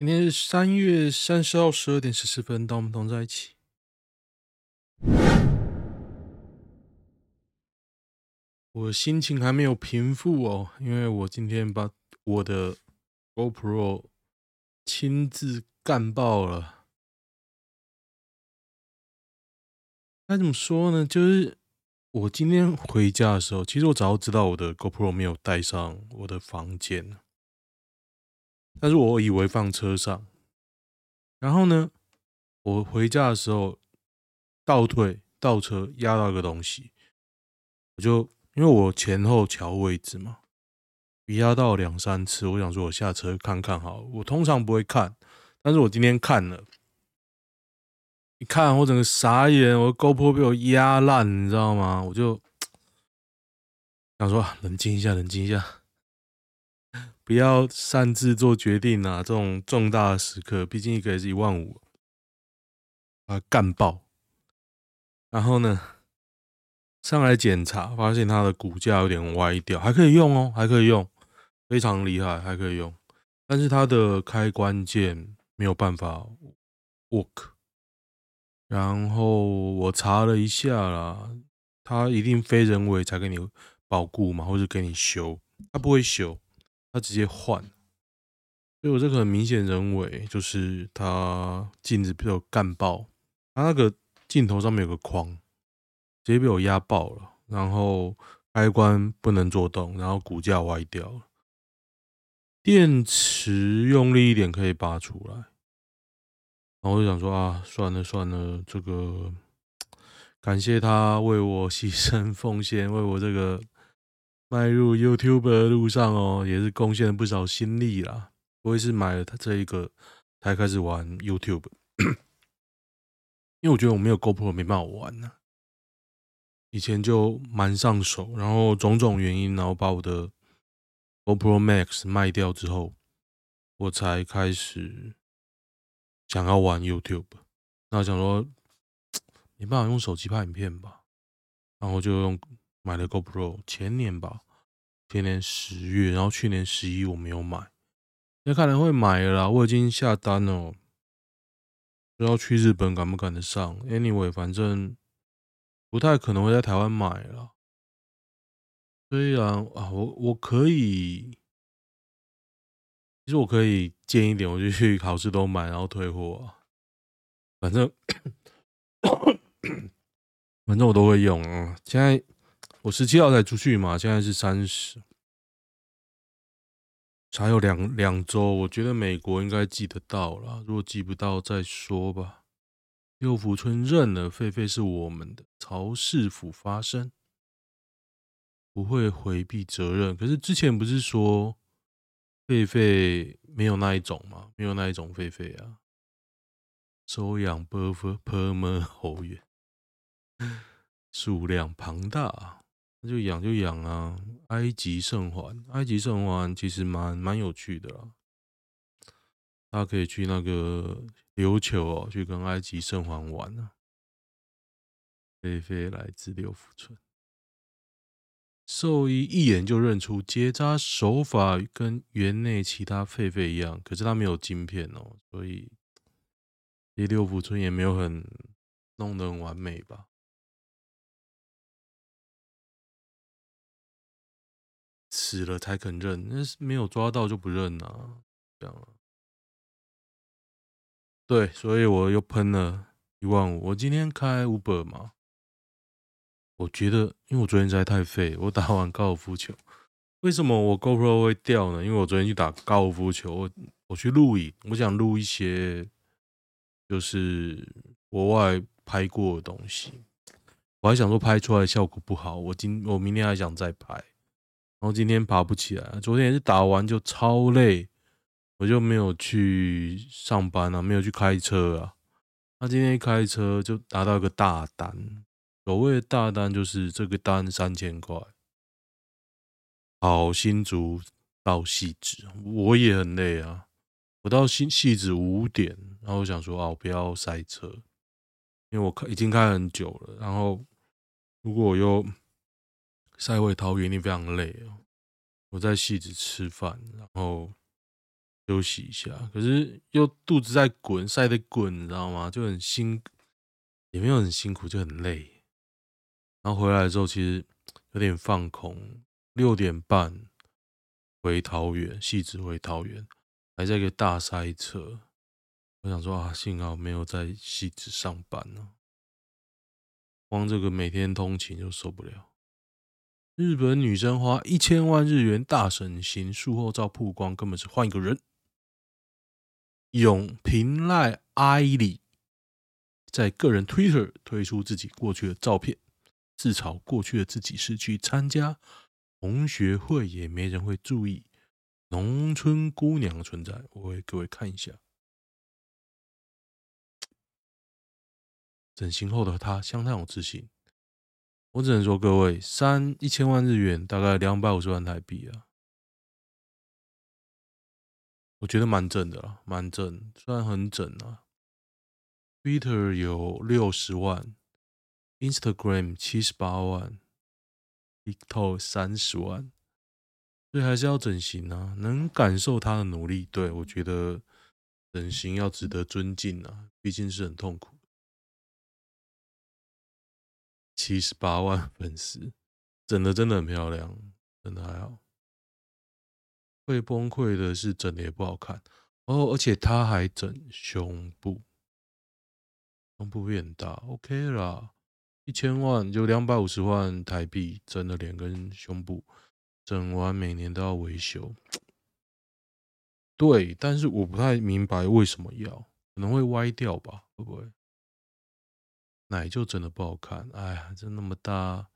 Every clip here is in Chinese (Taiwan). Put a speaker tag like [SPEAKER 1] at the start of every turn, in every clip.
[SPEAKER 1] 今天是三月三十號十二點十四分，當我們同在一起。我心情還沒有平復哦，因為我今天把我的
[SPEAKER 2] GoPro 親自幹爆了。該怎麼說呢？就是我今天回家的
[SPEAKER 1] 時候，其實我早就知道我的 GoPro 沒有帶上我的房間。但是我以為放車上，然後呢，我回家的時候倒退倒車壓到一個東西，我就因為我前後橋位置嘛，壓到兩三次，我想說我下車看看好了，我通常不會看，但是我今天看了，你看我整個傻眼，我的 GoPro 被我壓爛，你知道嗎？我就想說、啊、冷靜一下，冷靜一下。不要擅自做決定啊！這種重大的時刻，畢竟一個也是一萬五，啊，幹爆。然後呢，上來檢查，發現它的骨架有點歪掉，還可以用哦，還可以用，非常厲害，還可以用。但是它的開關鍵沒有辦法 work。然後我查了一下啦，它一定非人為才給你保固嘛，或者給你修，它不會修。他直接換，所以我這個很明顯人為，就是他鏡子被我幹爆，他那個鏡頭上面有個框，直接被我壓爆了。然後開關不能做動，然後骨架歪掉了，電池用力一點可以拔出來。然後我就想說啊，算了算了，這個感謝他為我犧牲奉獻，為我這個。邁入 YouTube 的路上哦，也是貢獻了不少心力啦。我也是買了它這一個才開始玩 YouTube， 因為我覺得我沒有 GoPro 沒辦法玩呢、啊。以前就蠻上手，然後種種原因，然後把我的 GoPro Max 賣掉之後，我才開始想要玩 YouTube。那我想說沒辦法用手機拍影片吧，然後就用買了 GoPro 前年吧。今年十月，然後去年十一我沒有買，那看來會買了啦，我已經下單了，不知道去日本趕不趕得
[SPEAKER 2] 上。Anyway，反正不太可能會在台灣買了，雖然啊，啊，我我可以，其實我
[SPEAKER 1] 可以建議一點，我就去考試都買，然後退貨啊，反正 反正我都會用啊，現在。我十七號才出去嘛，現在是三十，才有兩兩週。我覺得美國應該寄得到了，如果寄不到再說吧。六福村認了，狒狒是我們的。曹氏府發聲，不會回避責任。可是之前不是說狒狒沒有那一種嗎？沒有那一種狒狒啊，收養 buffer 數量龐大。那就養就養啊！埃及聖環，埃及聖環其實蠻蠻有趣的啦，他可以去那個琉球喔，去跟埃及聖環玩啊。狒狒來自六福村，獸醫一眼就認出結紮手法跟園內其他狒狒
[SPEAKER 2] 一樣，可是它沒有晶片喔，所以離六福村也沒有很弄得很完美吧。死了才肯認，那是沒有抓到就不認吶、啊，這樣。
[SPEAKER 1] 對，所以我又噴了一萬五。我今天開 Uber 嘛，我覺得，因為我昨天實在太廢，我打完高爾夫球，為什麼我 GoPro 會掉呢？因為我昨天去打高爾夫球，我我去錄影，我想錄一些就是國外拍過的東西，我還想說拍出來效果不好，我今我明天還想再拍。然後今天爬不起來，昨天也是打完就超累，我就沒有去上班啊，沒有去開車啊。那、啊、今天一開車就拿到一個大單，所謂的大單就是這個單三千塊，好新竹到汐止，我也很累啊。我到汐汐止五點，然後我想說哦，啊、我不要塞車，因為我開已經開很久了，然後如果我又。塞回桃園一定非常累哦。我在汐止吃飯，然後休息一下，可是又肚子在滾，塞得滾，你知道嗎？就很辛，也沒有很辛苦，就很累。然後回來之後，其實有點放空。六點半回桃園，汐止回桃園，還在一個大塞車。我想說啊，幸好沒有在汐止上班呢、啊，光這個每天通勤就受不了。日本女生花一千萬日元大整形，術後照曝光根本是換一個人。永平賴艾里在個人 Twitter 推出自己過去的照片，自嘲過去的自己是去參加同學會也沒人會注意農村姑娘的存在。我給各位看一下，整形後的她相當有自信。我只能說，各位，三一千萬日元大概兩百五十萬台幣啊，我覺得蠻正的啦，蠻正，雖然很正啊。Twitter 有六十萬，Instagram 七十八萬，TikTok 三十萬，所以還是要整形啊。能感受他的努力，對，我覺得整形要值得尊敬啊，畢竟是很痛苦。
[SPEAKER 2] 七十八萬粉絲，整的真的很漂亮，真的還好。會崩潰的是整的也不好
[SPEAKER 1] 看，然後、哦、而且他還整胸部，胸部變大，OK 啦。一千萬就兩百五十萬台幣，整了臉跟胸部，整完每年都要維修。對，但是我不太明白為什麼要，可能會歪掉吧？會不會？奶就真的不好看，哎呀，這那麼大、
[SPEAKER 2] 啊。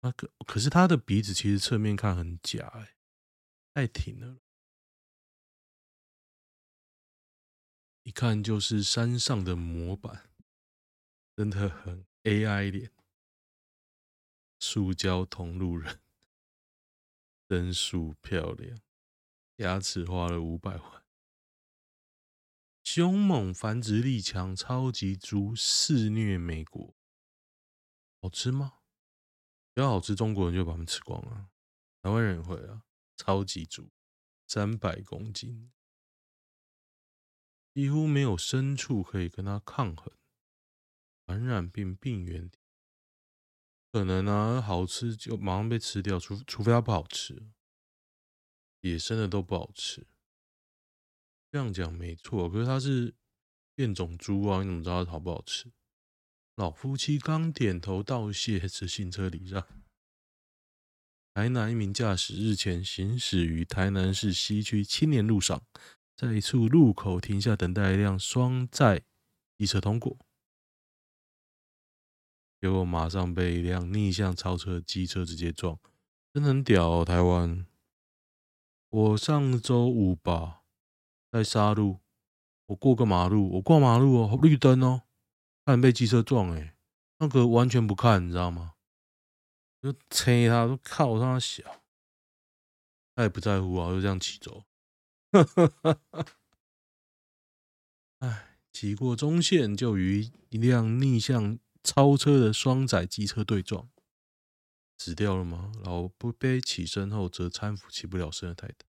[SPEAKER 2] 那、啊、個可，可是他的鼻子，其實側面看很假，欸，哎，太挺了，一看就是山上的模板，真的很 AI 臉，塑膠同路人，真素漂亮，牙齒花了五百萬。兇猛，
[SPEAKER 1] 繁殖力強，超級豬肆虐美國，好吃嗎？只要好吃，中國人就把他們吃光了！台灣人也會啊！超級豬，三百公斤，幾乎沒有牲畜可以跟它抗衡。傳染病病原體，可能啊，好吃就馬上被吃掉，除除非它不好吃，野生的都不好吃。這樣講沒錯，可是它是變種豬啊，你怎麼知道它好不好吃？老夫妻剛點頭道謝，直行車禮讓。台南一名駕駛日前行駛於台南市西區青年路上，在一處路口停下等待一輛雙載機車通過，結果馬上被一輛逆向超車機車直接撞，真很屌、哦！台灣，我上周五吧。在殺路，我過個馬路，我過馬路哦，綠燈哦，看被機車撞誒，那個完全不看，你知道嗎？
[SPEAKER 2] 就催他，就靠他小，他也不在乎啊，就這樣騎走。
[SPEAKER 1] 哎， 騎過中線就與一輛逆向超車的雙載機車對撞，死掉了嗎？然後不背起身後，則攙扶起不了身的
[SPEAKER 2] 太太。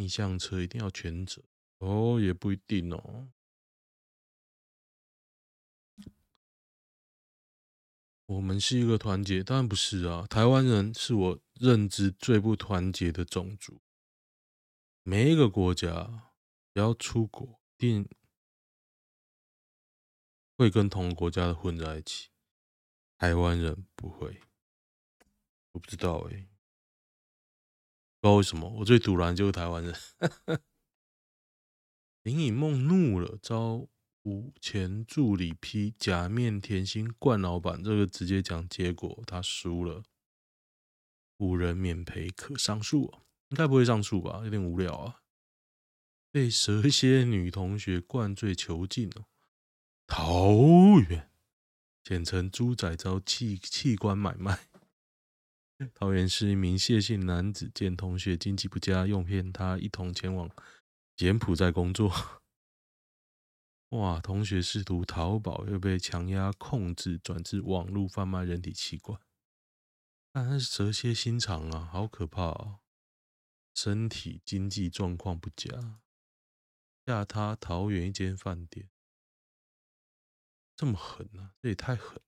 [SPEAKER 2] 你像車一定要全責哦，也不一定哦。我
[SPEAKER 1] 們是一個團結，當然不是啊。台灣人是我認知最不團結的
[SPEAKER 2] 種族。每一個國家，只要出國，一定會跟同一個國家的混在一起。台灣人不會，我不知道哎、欸。不
[SPEAKER 1] 知道為什麼，我最賭爛就是台灣人。 林以夢怒了，遭五前助理批假面甜心灌老闆，這個直接講結果，他輸了，五人免賠可上訴，應該不會上訴吧？有點無聊啊。被蛇蠍女同學灌醉囚禁哦，桃園，柬埔寨豬仔遭器器官買賣。桃園市一名謝姓男子，見同學經濟不佳，誘騙他一同前往柬埔寨工作。哇！同學試圖逃跑，又被強壓控制，轉至網絡販賣人體器官。但他蛇蠍心腸啊，好可怕啊、哦！身體經濟狀況不佳，下榻桃園一間
[SPEAKER 2] 飯店，這麼狠啊，這也太狠！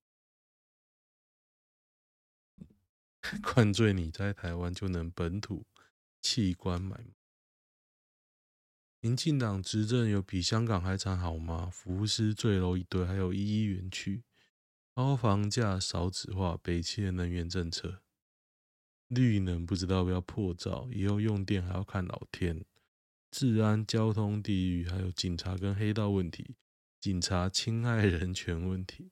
[SPEAKER 2] 灌醉，你在台灣就能本土
[SPEAKER 1] 器官買嗎？民進黨執政有比香港還慘好嗎？浮屍墜樓一堆，還有一一園區。高房價、少子化、北七的能源政策，綠能不知道不要破照，以後用電還要看老天。治安、交通、地獄，還有警察跟黑道問題，警察侵害人權問題，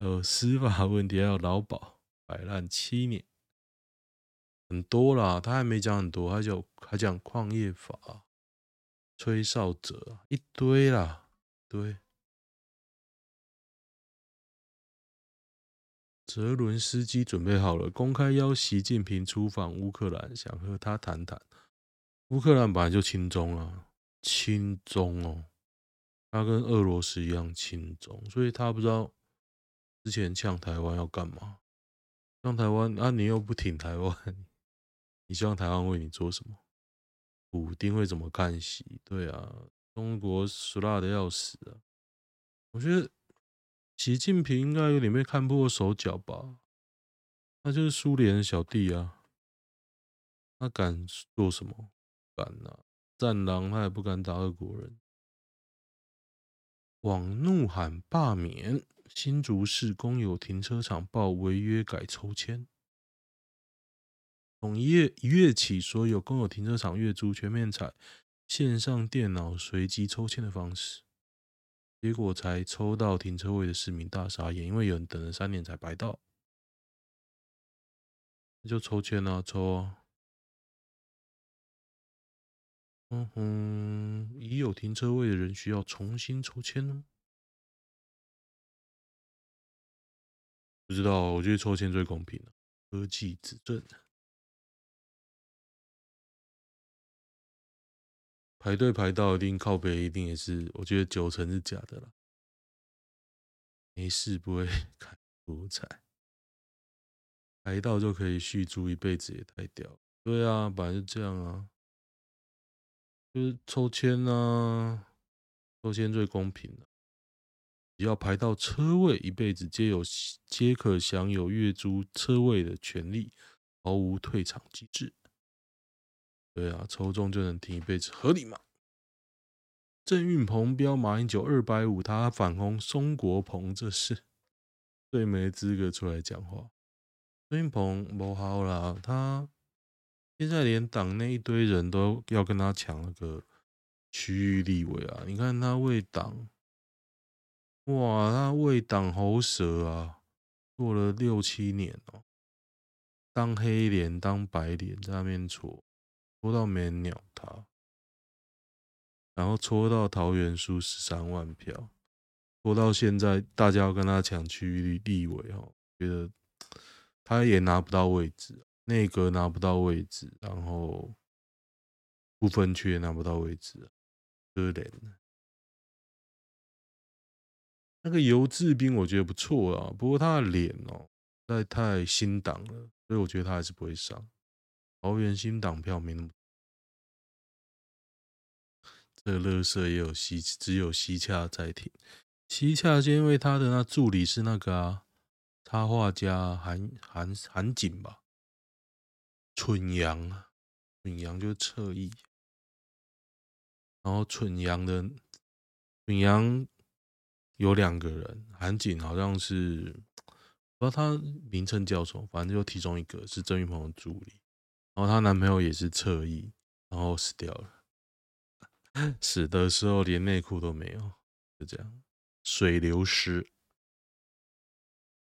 [SPEAKER 1] 呃，司法問題，還有勞保。擺爛七年，很多啦，他還沒講很多，
[SPEAKER 2] 他講還講礦業法，吹哨者一堆啦，對。
[SPEAKER 1] 澤倫斯基準備好了，公開邀習近平出訪烏克蘭，想和他談談。烏克蘭本來就親中啊，親中哦，他跟俄羅斯一樣親中，所以他不知道之前搶台灣要幹嘛。上台灣啊？你又不挺台灣，你希望台灣為你做什麼？武丁會怎麼幹係？對啊，中國輸辣的要死啊！我覺得習近平應該有點被看破手腳
[SPEAKER 2] 吧？那就是蘇聯小弟啊！他敢做什麼？敢啊！戰狼他也不敢打俄國人。
[SPEAKER 1] 網怒喊罷免。新竹市公有停車場報違約改抽籤，從一月一月起，所有公有停車場月租全面採線上電腦隨機抽籤的方式。結果才抽到停車位的市民大傻眼，因為有人等了三年才白到，
[SPEAKER 2] 就抽籤啊抽啊！嗯哼，已有停車位的人需要重新抽籤哦。不知道，我覺得抽籤最公平了。科技指證，排隊排到一定靠北，一定也是，我覺得九
[SPEAKER 1] 成是假的啦。沒事，不會開福彩，排到就可以續租一輩子，也太屌。對啊，本來就這樣啊，就是抽籤啊，抽籤最公平只要排到車位，一輩子皆有，皆可享有月租車位的權利，毫無退場機制。對啊，抽中就能停一輩子，合理嗎？鄭運鵬飆馬英九二百五，250，他反攻松國鵬，這是最沒資格出來講話。鄭運鵬不好了，他現在連黨內一堆人都要跟他搶那個區域立委啊！你看他為黨。哇，他為黨喉舌啊，做了六七年哦，當黑臉當白臉在那邊戳，戳到沒人鳥他，然後戳到桃園輸十三萬票，戳到現在大家要跟他搶區域立委哦，覺得他也拿不到位置，內閣拿不到位置，然後
[SPEAKER 2] 不分區也拿不到位置啊，可憐。那個游智彬我覺得不錯啊，不過他的臉哦、喔，
[SPEAKER 1] 在太,太新黨了，所以我覺得他還是不會上。桃園新黨票沒那麼，這個垃圾也有西，只有西洽在挺。西洽，是因為他的那助理是那個、啊、插畫家
[SPEAKER 2] 韓韓韓景吧？蠢羊，蠢羊就側翼，然後蠢羊的蠢
[SPEAKER 1] 羊。有兩個人，韓景好像是，不知道他名稱叫什麼，反正就其中一個是鄭雲鵬的助理，然後她男朋友也是側翼，然後死掉了，死的時候連內褲都沒有，
[SPEAKER 2] 就這樣，水流失，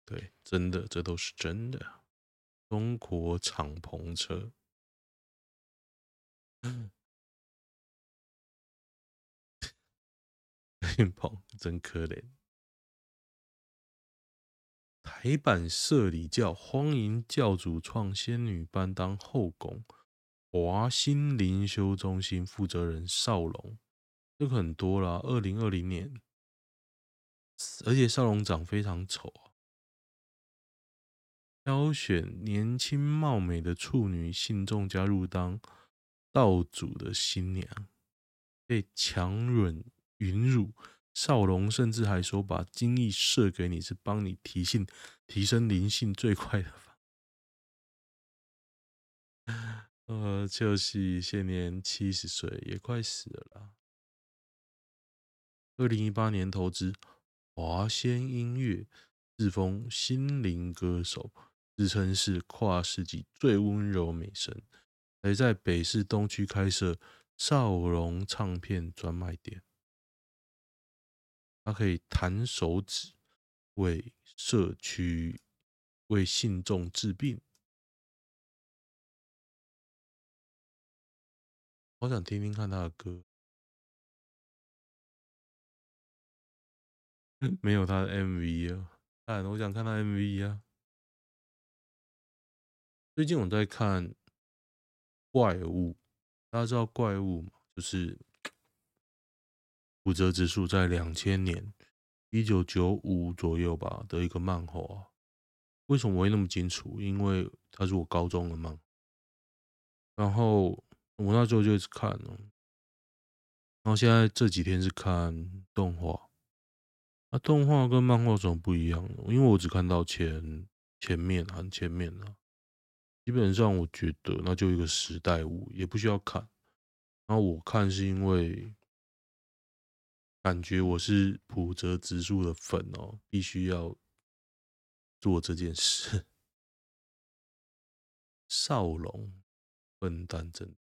[SPEAKER 2] 對，真的，這都是真的，中國敞篷車。 真可憐。台版
[SPEAKER 1] 社理教荒淫教主創仙女班當後宮，華興靈修中心負責人少龍，這個很多啦。二零二零年，而且少龍長非常醜啊，挑選年輕貌美的處女信眾加入當道主的新娘，被強吻。雲辱少龍甚至還說：“把精液射給你是幫你提醒提升靈性最快的法。”呃，就是現年七十歲，也快死了啦。二零一八年投資華仙音樂，自封心靈歌手，自稱是跨世紀最溫柔美聲，還在北市東區開設少龍唱片專賣店。
[SPEAKER 2] 他可以彈手指，為社區、為信眾治病。好想聽聽看他的歌。嗯，沒有他的 MV 啊。哎，我想看他 MV 啊。最近我在看怪物，大家知道怪物嗎？就是。骨折指數在
[SPEAKER 1] 兩千年，一九九五左右吧的一個漫畫、啊，為什麼我會那麼清楚？因為它是我高中的嘛。然後我那時候就一直看哦，然後現在這幾天是看動畫，那、啊、動畫跟漫畫怎麼不一樣呢？因為我只看到前前面很、啊、前面啊，基本上我覺得那就一個時代物，也不需要看。然後我看是因為。感覺我是普澤直樹的粉哦，必須要做這件
[SPEAKER 2] 事。 少龍，笨蛋真的，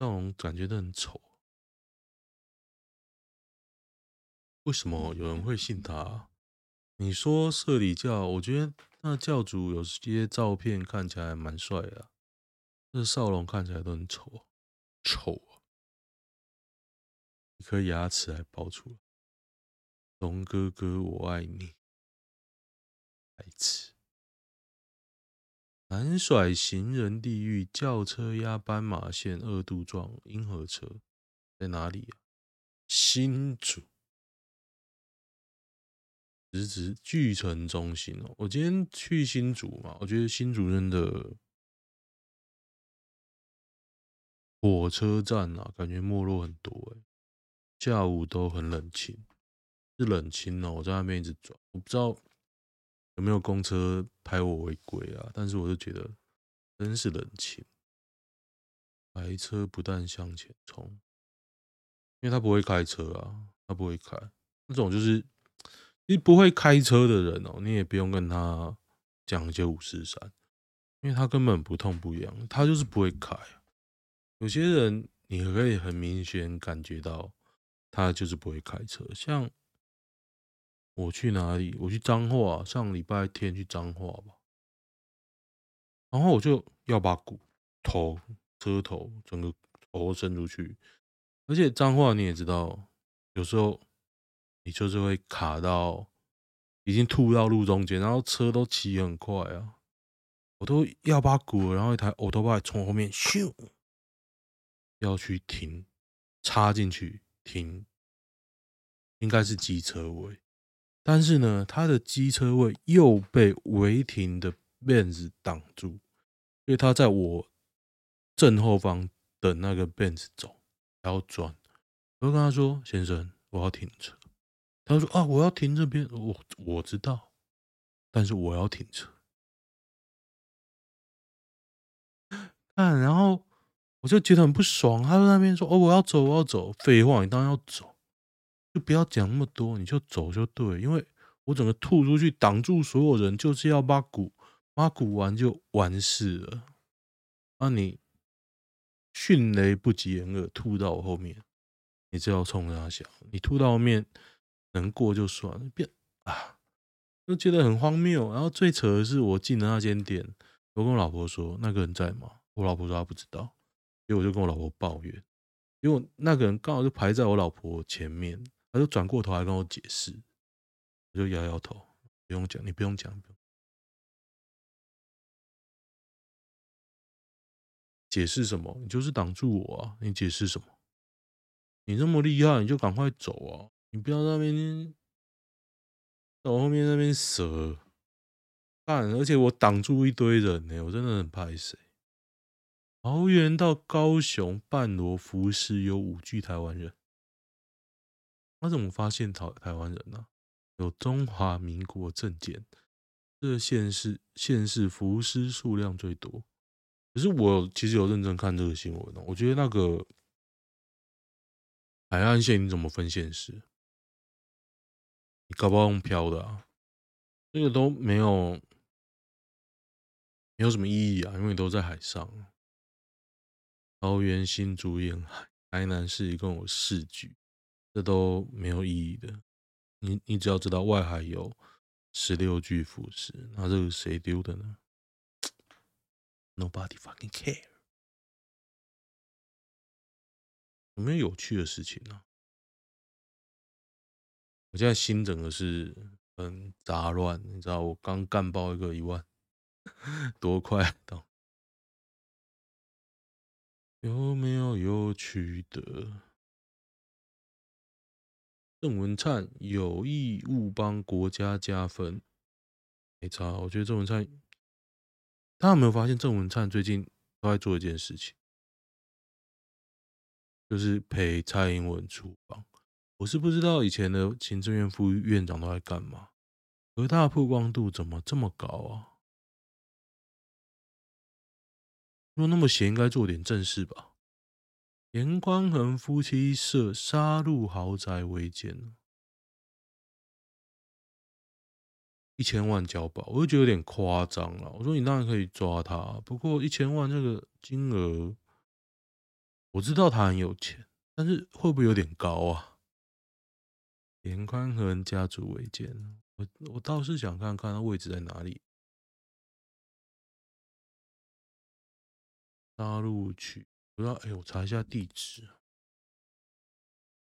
[SPEAKER 2] 真少龍感覺都很醜，為什麼有人會信他？你說社理教，我覺
[SPEAKER 1] 得那教主有些照片看起來蠻帥的啊，但是少龍看
[SPEAKER 2] 起來都很醜，醜。一顆牙齒還爆出來，龍哥哥我愛你。白痴南甩行人地獄，轎車壓
[SPEAKER 1] 斑馬線，二度撞銀河車，在哪裡啊？新
[SPEAKER 2] 竹，直職巨城中心哦、喔。我今天去新竹嘛，我覺得新竹真的
[SPEAKER 1] 火車站吶、啊，感覺沒落很多哎、欸。下午都很冷清，是冷清哦、喔。我在外面一直轉，我不知道有沒有公車拍我違規啊。但是我就覺得真是冷清。白車不斷向前衝，因為他不會開車啊，他不會開。那種就是你不會開車的人哦、喔，你也不用跟他講一些五四三，因為他根本不痛不癢，他就是不會開、啊。有些人你可以很明顯感覺到。他就是不會開車，像我去哪裡？我去彰化啊，上禮拜天去彰化吧。然後我就要把骨頭車頭整個頭伸出去，而且彰化你也知道，有時候你就是會卡到已經吐到路中間，然後車都騎很快啊，我都要把骨，然後一台摩托車從後面咻要去停插進去。停，應該是機車位，但是呢，他的機車位又被違停的 Benz 擋住，因為他在我正後方等那個 Benz 走，然後轉，我就跟他說：“先生，我要
[SPEAKER 2] 停車。”他說：“啊，我要停這邊，我我知道，但是我要停車。啊”看，然後。
[SPEAKER 1] 你就覺得很不爽，他就在那邊說：“哦，我要走，我要走。”廢話，你當然要走，就不要講那麼多，你就走就對。因為我整個吐出去擋住所有人，就是要把鼓把鼓完就完事了。那、啊、你迅雷不及掩耳吐到我後面，你只要衝着他想你吐到後面能過就算了，別啊，就覺得很荒謬。然後最扯的是，我進的那間店，我跟我老婆說：“那個人在嗎？”我老婆說：“他不知道。”所以我就跟我老婆抱怨，因為那個人剛好就排在我老婆前面，
[SPEAKER 2] 他就轉過頭來跟我解釋，我就搖搖頭，不用講，你不用講，解釋什麼？你就是擋住我啊，你解釋什麼？你那麼厲害，你就趕快走啊！
[SPEAKER 1] 你不要在那邊在我後面那邊折，但而且我擋住一堆人呢、欸，我真的很歹勢。桃園到高雄半羅浮屍有五具台灣人，他怎麼發現台台灣人呢、啊，有中華民國證件。這個縣市、縣市浮屍數量最多，可是我其實有認真看這個新聞，我覺得那個海岸線你怎麼分縣市？
[SPEAKER 2] 你搞不好用漂的啊，這個都沒有沒有什麼意義啊，因為都在海上。
[SPEAKER 1] 桃園新竹沿海，台南市一共有四具，這都沒有意義的。你你只要知道外海有十六具浮屍，那
[SPEAKER 2] 這個誰丟的呢？Nobody fucking care。有沒有有趣的事情呢、啊？我現在心整個是很雜亂，你知道我剛幹爆一個一萬多，多快？等。有沒有有趣的？
[SPEAKER 1] 鄭文燦有義務幫國家加分，沒錯，我覺得鄭文燦，大家有沒有發現鄭文燦最近都在做一件事情，就是陪蔡英文出訪。我是不知道以前的行政院副院長都在幹嘛，可是他的曝光度怎麼這麼高啊？說那麼閒，應該做點正事吧。顏寬恆夫妻涉沙鹿豪宅違建，一千萬交保，我就覺得有點誇張了。我說你當然可以抓他，不過一千萬這個金額，我知道他很有錢，但是會不會有點高啊？
[SPEAKER 2] 顏寬恆家族違建，我我倒是想看看他位置在哪裡。八路去，不知道，哎，我查一下地址。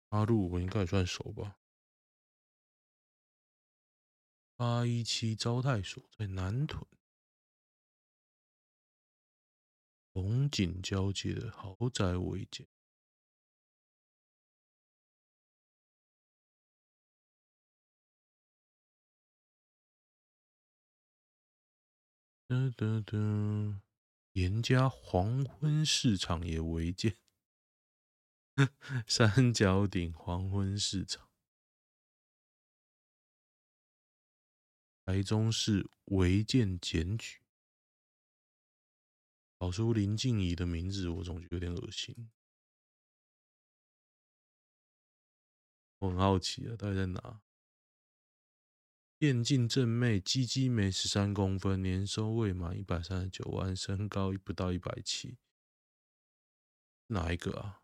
[SPEAKER 2] 八路我應該也算熟吧。八一七招待所在南屯龍井交界的豪宅違建。嘟嘟嘟。嚴家黃昏市場也違建，三角頂黃昏市場，台中市違建檢舉，老叔林靜儀的名字，我總覺得有點噁心。我很好奇啊，到底在哪？電競正妹，雞雞沒十三
[SPEAKER 1] 公分，年收未滿一百三十九萬，身高不到一百七，
[SPEAKER 2] 哪一個啊？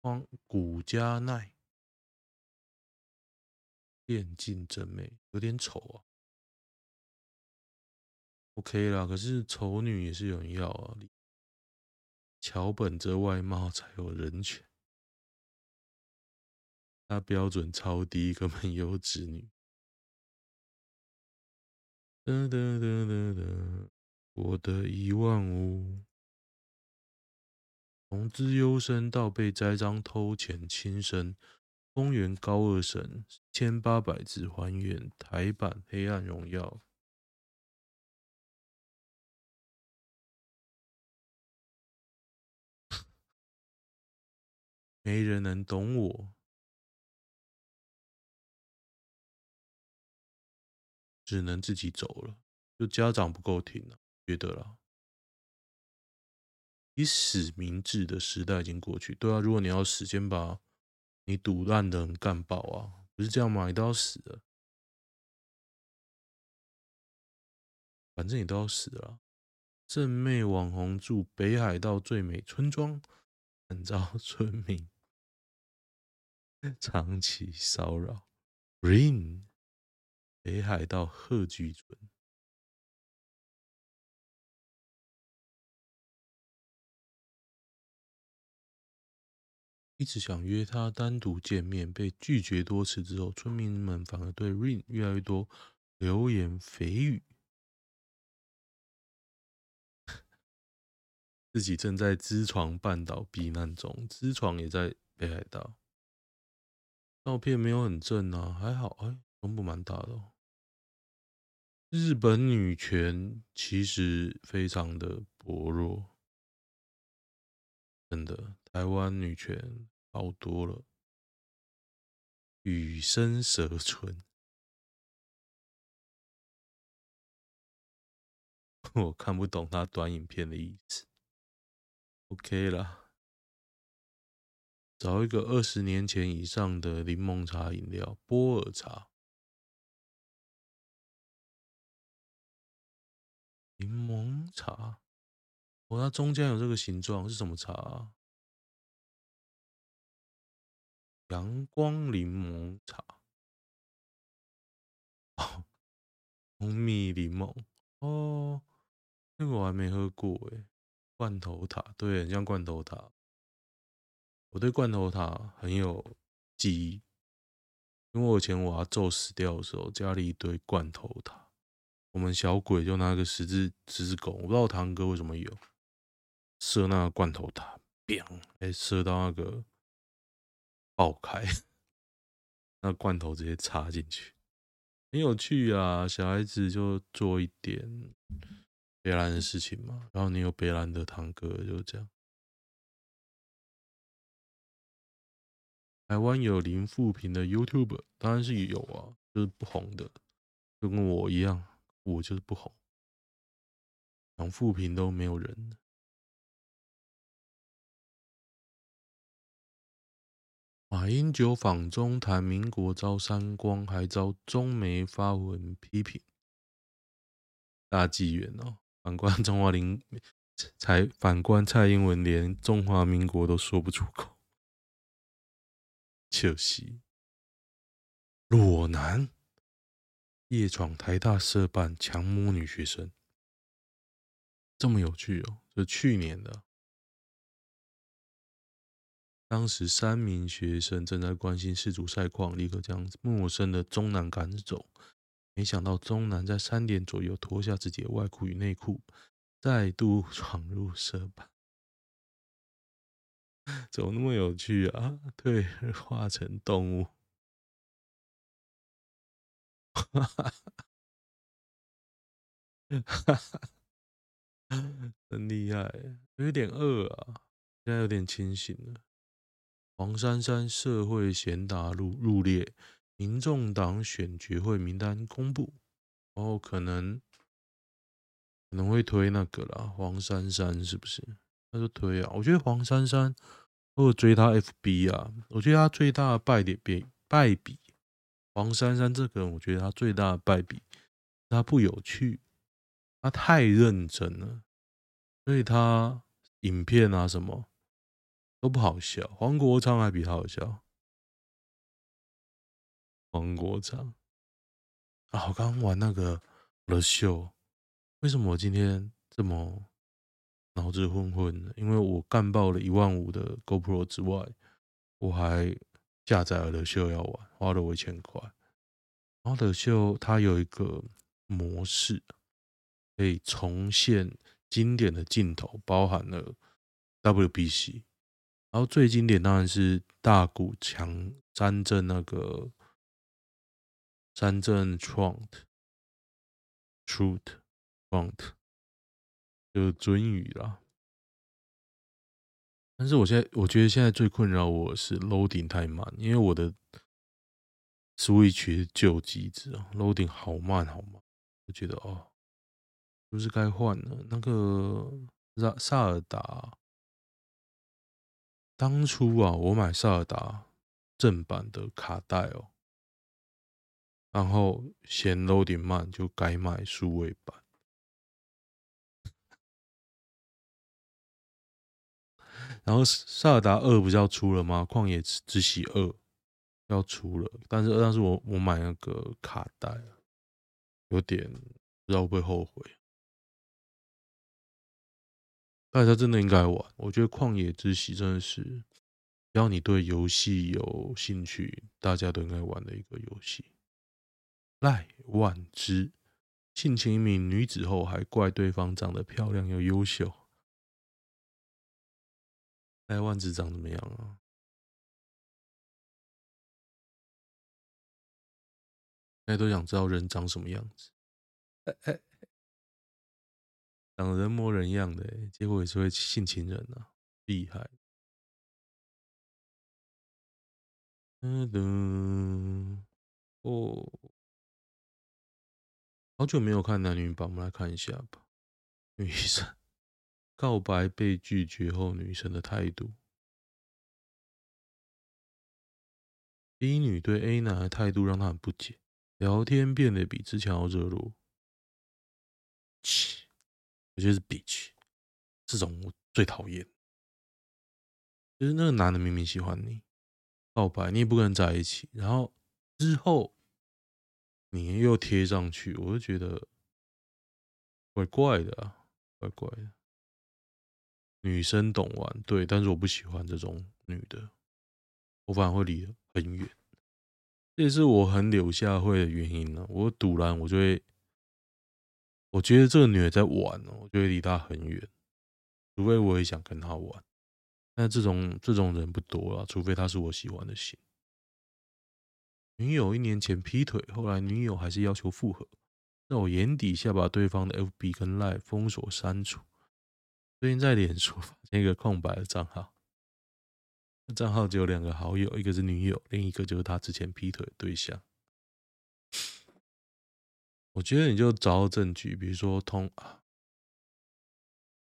[SPEAKER 2] 荒古家奈，電競正妹有點醜啊。OK 啦，可是醜女也是有人要啊。橋本這外貌才有人權，她標準超低，根本優質女。噠噠噠噠噠我的一萬五，
[SPEAKER 1] 從資優生到被栽贓偷錢輕生，公元
[SPEAKER 2] 高二生，千八百字還原台版《黑暗榮耀》，沒人能懂我。只能自己走了，就家長不夠停了，覺得了。以死
[SPEAKER 1] 明志的時代已經過去，對啊，如果你要時間把你堵爛的人幹爆啊，不是這樣嘛，你都要死的，反正你都要死了啦。正妹網紅住北海道最美村莊，慘遭村民長期
[SPEAKER 2] 騷擾。Ring 北海道鶴居村一直想約他單獨見面，被拒
[SPEAKER 1] 絕多次之後，村民們反而對 Rain 越來越多流言蜚語。
[SPEAKER 2] 自己正在知床半島避難中，知床也在北海道。照
[SPEAKER 1] 片沒有很正啊，還好哎、欸。中部蠻大的哦。日本女權其實非常的薄弱，
[SPEAKER 2] 真的。台灣女權好多了，與生舌唇，我看不懂她短影片的意思。OK 啦，找一個二十年前以上的檸檬茶飲料，波爾茶。檸檬茶，我、哦、它，中間有這個形狀是什麼茶？陽光檸檬茶。哦，蜂蜜檸檬哦，那、這個我還沒喝過哎。罐頭塔，對，很像
[SPEAKER 1] 罐頭塔。我對罐頭塔很有記憶，因為我以前我要做死掉的時候，家裡一堆罐頭塔。我們小鬼就拿個十字、十字弓，我不知道堂哥為什麼有射那個罐頭塔，
[SPEAKER 2] 哎、欸，
[SPEAKER 1] 射到那個爆開，那罐頭直接插進去，很有趣啊！小孩子就做一
[SPEAKER 2] 點白爛的事情嘛。然後你有白爛的堂哥，就這樣。台灣有林富平的 YouTuber，當然是有啊，就是不紅的，就跟我一樣。我就是不好，想負評都沒有人。馬英九訪中談，
[SPEAKER 1] 民國遭三光，還遭中媒發文批評，大紀元哦。反觀中華林，才反觀蔡英文連中華民國都說不出口，就是
[SPEAKER 2] 裸男。夜闖台大社辦強摸女學生，這麼有趣哦！是去年的，
[SPEAKER 1] 當時三名學生正在關心世足賽況，立刻將陌生的中男趕走。沒想到中男在三點左右脫下自己的外褲與內褲，再度闖入社辦，
[SPEAKER 2] 怎麼那麼有趣啊？對，化成動物。哈哈，哈哈，真厲害、欸！有點餓啊，
[SPEAKER 1] 現在有點清醒了。黃珊珊社會賢達入入列，民眾黨選舉會名單公布，然後可能可能會推那個了。黃珊珊是不是？那就推啊，我覺得黃珊珊，我追他 FB 啊，我覺得他最大的敗點敗敗筆。黃珊珊這個人，我覺得他最大的敗筆，他不有趣，他太認真了，所以他影片啊什麼都不好笑。黃國昌還比他好笑。黃國昌，啊，我剛剛玩那個樂秀，為什麼我今天這麼腦子昏昏呢？因為我幹爆了一萬五的 GoPro 之外，我還。下載了的秀要玩，花了我一千塊。然後德秀，它有一個模式，可以重現經典的鏡頭，包含了 WBC，然後最經典當然是大谷強三振那個
[SPEAKER 2] 三振 Trout，Trout，Trout，就是遵雨啦。
[SPEAKER 1] 但是我現在我覺得現在最困擾我的是 loading 太慢，因為我的 Switch 舊機子啊 loading 好慢好慢，我覺得哦，就是不是該換了？那個薩薩爾達，當初啊我買薩爾達正版的卡帶
[SPEAKER 2] 哦，然後嫌 loading 慢就改買數位版。然後《薩爾達二》不是要出了嗎？《曠野之之息二》要出了，但是但是我我買那個卡帶，有點不知道會不會後悔。大家真的應該玩，我覺得《曠
[SPEAKER 1] 野之息》真的是只要你對遊戲有興趣，大家都應該玩的一個遊戲。賴萬之聘請一名
[SPEAKER 2] 女子後還怪對方長得漂亮又優秀。台灣子長什麼樣啊？大家都想知道人長什麼樣子。哎哎，長得人模人樣的、欸，結果也是會性侵人呢，厲害。嗯的，哦，好久沒有看男女版，我們來看一下吧，女生。告白被拒絕後，女生的態度。B 女對 A 男的態度讓她很不解。聊天變得比之前要熱絡，
[SPEAKER 1] 嘻，我覺得是 bitch，這種我最討厭。就是那個男的明明喜歡你，告白你也不跟人在一起，然後之後你又貼上去，我就覺得怪怪的啊，怪怪的。女生懂玩，對，但是我不喜歡這種女的，我反而會離很遠，這也是我很柳下惠的原因了，啊。我賭藍，我就會，我覺得這個女的在玩哦，我就會離她很遠，除非我也想跟她玩。那這種這種人不多了，除非他是我喜歡的型。女友一年前劈腿，後來女友還是要求復合，在我眼底下把對方的 FB 跟 Line 封鎖刪除。最近在臉書發現一個空白的賬號，那賬號只有兩個好友，一個是女友，另一個就是他之前劈腿的對象。我覺得你就找到證據，比如說通啊，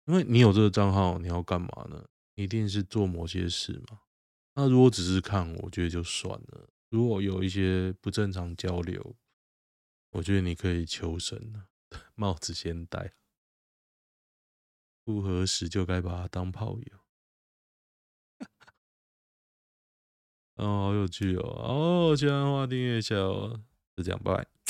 [SPEAKER 1] 因為你有這個賬號，你要幹嘛呢？你一定是做某些事嘛。那如果只是看，我覺得就算了。如果有一些不正常交流，我覺得你可以求神了，帽
[SPEAKER 2] 子先戴。不合適就該把他當炮友。 哦，好有趣哦！哦，千萬別忘訂閱一下哦。就這樣，拜拜。